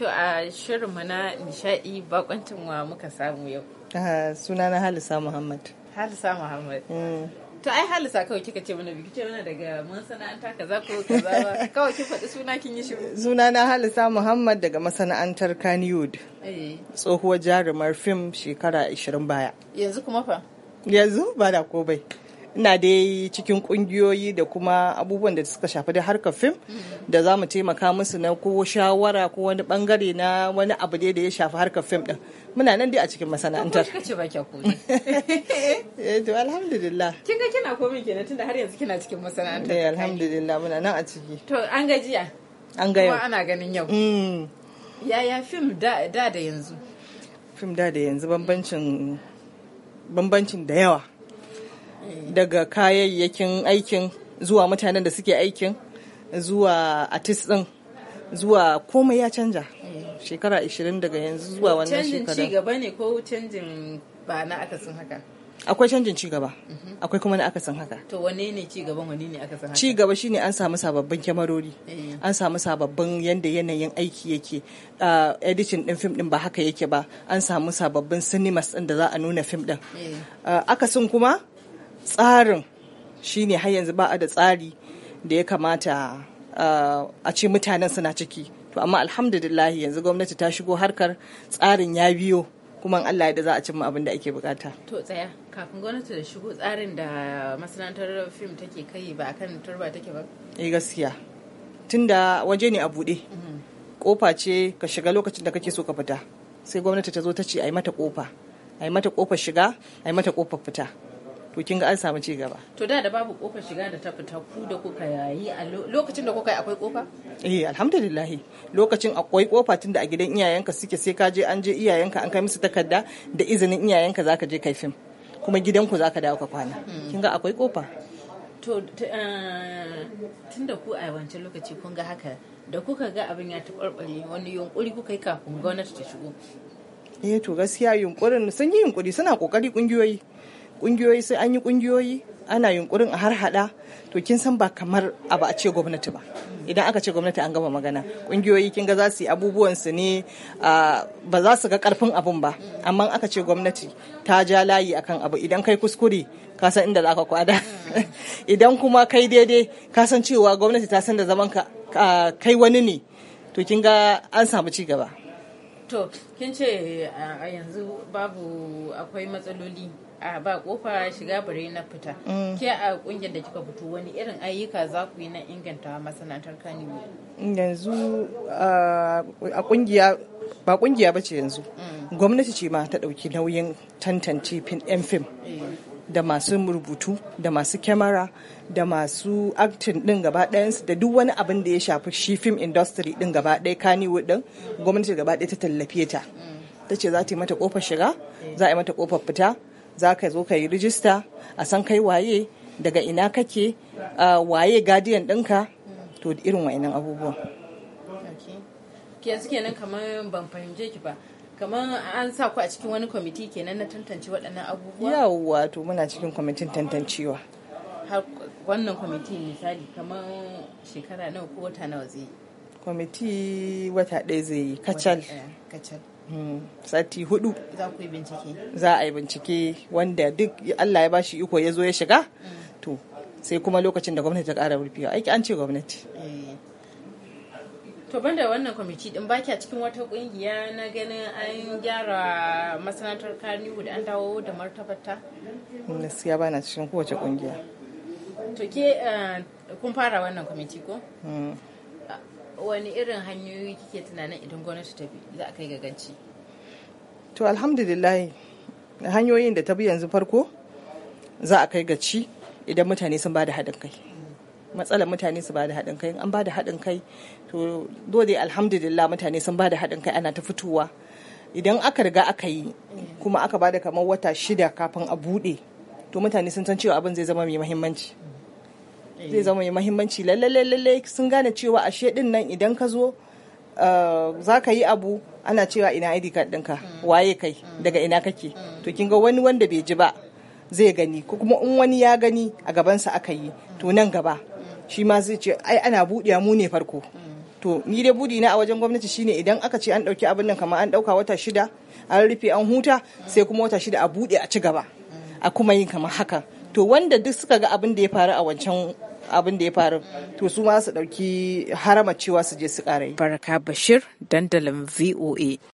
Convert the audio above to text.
To a shirinmu na nishaɗi bakoncin wa muka samu yau. Ah, suna na Halisa Muhammad. Halisa Muhammad. Mm. To ai Halisa kawai kika ce mana biki mana daga masana'anta kaza ko kaza ba. Kawai kin faɗi suna kin yi shiru. Suna na Halisa Muhammad daga masana'antar Kannywood. Eh. Tsohuwar jarumar fim shekara 20 baya. Yanzu kuma fa? Yanzu ba da ko bai. ina dai cikin kungiyoyi da kuma abubuwan da suka shafi da harkar fim da za mu taimaka musu na ko shawara ko wani bangare na wani abu dai da ya shafi harkar fim din muna nan dai a cikin masana'antar kace ba kya koyi eh to alhamdulillah kin ga kina komai kenan tunda har yanzu kina cikin masana'antar eh alhamdulillah muna nan a ciki to an gajiya an ga yau ana ganin yau mm. yaya fim da da yanzu fim da da yanzu bambancin bambancin da yawa daga kayayyakin aikin zuwa mutanen da suke aikin zuwa artist din zuwa komai ya canja eh. shekara 20 daga yanzu zuwa wannan shekara canjin cigaba ne ko canjin ba na akasin haka akwai canjin cigaba mhm. akwai kuma na akasin haka to wane ne cigaban wane ne akasin haka cigaba shine an samu sababbin kyamarori eh. an samu sababbin yanda yanayin aiki yake editing din film din ba haka yake ba an samu sababbin cinemas din da za a nuna film din eh. akasin kuma tsarin shine har yanzu ba a da tsari da ya kamata uh, a ce mutanen suna ciki to amma alhamdulillah yanzu gwamnati ta shigo harkar tsarin ya biyo kuma Allah da za a cimma abin da ake bukata. To tsaya kafin gwamnati da shigo tsarin da masana'antar fim take kai ba akan turba take ba? Eh gaskiya. Tunda waje ne a bude mm-hmm. Kofa ce ka shiga lokacin da kake so ka fita. Sai gwamnati ta zo ta ce a yi mata kofa. A yi mata kofar shiga, a yi mata kofar fita. to kin ga an samu ci gaba to da da babu kofar shiga da ta fita ku da kuka yayi a lokacin da kuka yi akwai kofa eh alhamdulillah lokacin akwai kofa tunda a gidan iyayenka suke sai ka je an je iyayenka an kai musu takarda da izinin iyayenka zaka je kai fim kuma gidanku zaka dawo ka kwana hmm. kin ga akwai kofa to eh, tun da ku a wancan lokaci kun ga haka da kuka ga abin ya taɓarɓare wani yunkuri kuka yi kafin gwamnati ta shigo eh to gaskiya yunkurin sun yi yunkuri suna kokari kungiyoyi kungiyoyi sai an yi kungiyoyi ana yunkurin a har hada to kin san ba kamar ba a ce gwamnati ba idan aka ce gwamnati an gama magana kungiyoyi kin ga za su yi abubuwan su ne ba za su ga karfin abun ba amma aka ce gwamnati ta ja layi akan abu idan kai kuskure ka san inda za ka kwada idan kuma kai daidai ka san cewa gwamnati ta san da zaman ka kai wani ne to kin ga an samu ci gaba to kin ce a yanzu babu akwai matsaloli a ba kofa shiga bare na fita mm. ke a kungiyar da kika fito wani irin ayyuka za ku yi na inganta masana'antar kaniwo yanzu a kungiya ba kungiya ba ce yanzu mm. gwamnati ce ma ta ɗauki nauyin tantance fim fim eh. da masu rubutu da masu kyamara da masu actin din gaba ɗayansu da duk wani abin da ya shafi shi fim industry din gaba ɗaya kaniwood din gwamnati gaba ɗaya ta tallafe ta ta ce za ta yi mata kofar shiga za a yi mata kofar fita za ka zo ka yi rijista a san kai waye daga ina kake waye guardian ɗinka to irin wa'inan abubuwan yanzu kenan kamar ban fahimce ki ba kamar an sa ku a cikin wani kwamiti kenan na tantance waɗannan abubuwa yawwa to muna cikin kwamitin tantancewa wannan kwamiti misali kamar shekara nawa ko wata nawa zai yi kwamiti wata ɗaya zai yi kacal kacal hmm, sati hudu za ku yi bincike za a yi bincike wanda duk allah ya bashi iko ya zo ya shiga hmm. to sai kuma lokacin da gwamnati ta ƙara rufewa aiki an ce gwamnati eh. to banda wannan kwamiti din ba a cikin wata kungiya na ganin an gyara masana'antar kaniwu da an dawo da martabarta gaskiya ba na cikin kowace kungiya to ke eh, kun fara wannan kwamiti ko mm. wani irin hanyoyi kike tunanin idan gwamnati ta bi za a kai gaganci to alhamdulillah hanyoyin da ta bi yanzu farko za a kai gaci idan mutane sun ba da haɗin kai matsalar mutane su bada haɗin kai an bada haɗin kai to dole alhamdulillah mutane sun bada haɗin kai ana ta fitowa idan aka riga aka yi kuma aka bada kamar wata shida kafin a buɗe to mutane sun san cewa abin zai zama mai mahimmanci zai zama mai mahimmanci lalle sun gane cewa ashe din nan idan ka zo eh, za ka yi abu ana cewa ina ID card ɗinka waye kai daga ina kake to kin ga wani wanda bai ji ba zai gani ko kuma in wani ya gani a gabansa aka yi to nan gaba shi ma zai ce ai ana buɗe mu ne farko to ni dai budi na a wajen gwamnati shine idan aka ce an ɗauki abin nan kamar an ɗauka wata shida an rufe an huta sai kuma wata shida a buɗe a ci gaba a kuma yin kamar haka to wanda duk suka ga abin da ya faru a wancan abin da ya faru to su ma su ɗauki haramacewa su je su ƙara yi. Baraka Bashir dandalin VOA.